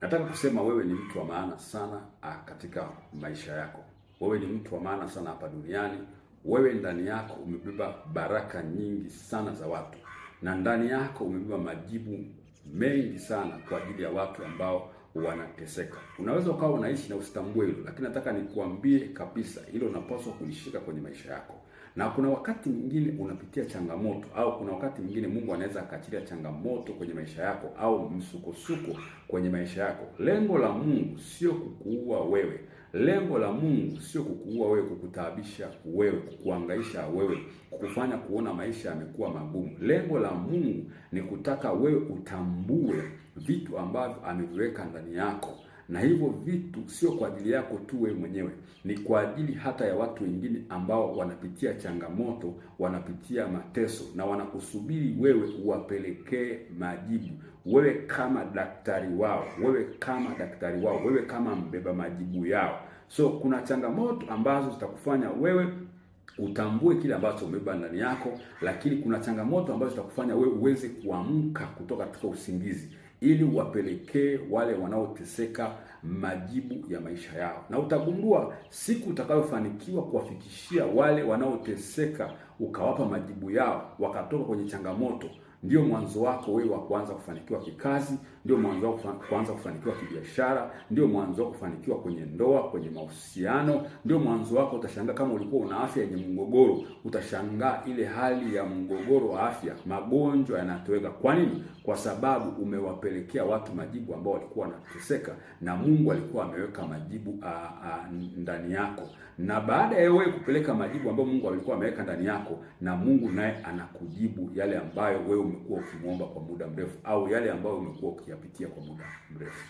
Nataka kusema wewe ni mtu wa maana sana ah, katika maisha yako. Wewe ni mtu wa maana sana hapa duniani. Wewe ndani yako umebeba baraka nyingi sana za watu, na ndani yako umebeba majibu mengi sana kwa ajili ya watu ambao wanateseka. Unaweza ukawa unaishi na usitambue hilo, lakini nataka nikuambie kabisa, hilo unapaswa kulishika kwenye maisha yako na kuna wakati mwingine unapitia changamoto, au kuna wakati mwingine Mungu anaweza akaachilia changamoto kwenye maisha yako, au msukosuko kwenye maisha yako. Lengo la Mungu sio kukuua wewe, lengo la Mungu sio kukuua wewe, kukutaabisha wewe, kukuangaisha wewe, kukufanya kuona maisha yamekuwa magumu. Lengo la Mungu ni kutaka wewe utambue vitu ambavyo ameviweka ndani yako na hivyo vitu sio kwa ajili yako tu wewe mwenyewe, ni kwa ajili hata ya watu wengine ambao wanapitia changamoto, wanapitia mateso na wanakusubiri wewe uwapelekee majibu, wewe kama daktari wao, wewe kama daktari wao, wewe kama mbeba majibu yao. So kuna changamoto ambazo zitakufanya wewe utambue kile ambacho umebeba ndani yako, lakini kuna changamoto ambazo zitakufanya wewe uweze kuamka kutoka katika usingizi ili wapelekee wale wanaoteseka majibu ya maisha yao, na utagundua siku utakayofanikiwa kuwafikishia wale wanaoteseka ukawapa majibu yao, wakatoka kwenye changamoto ndio mwanzo wako wewe wa kuanza kufanikiwa kikazi, ndio mwanzo wako kuanza kufanikiwa kibiashara, ndio mwanzo wako kufanikiwa kwenye ndoa, kwenye mahusiano, ndio mwanzo wako. Utashangaa kama ulikuwa una afya yenye mgogoro, utashangaa ile hali ya mgogoro wa afya, magonjwa yanatoweka. Kwa nini? Kwa sababu umewapelekea watu majibu ambao walikuwa wanateseka, na Mungu alikuwa ameweka majibu a, a, ndani yako, na baada ya wewe kupeleka majibu ambayo Mungu alikuwa ameweka ndani yako, na Mungu naye anakujibu yale ambayo wewe umekuwa ukimwomba kwa muda mrefu au yale ambayo umekuwa ukiyapitia kwa muda mrefu.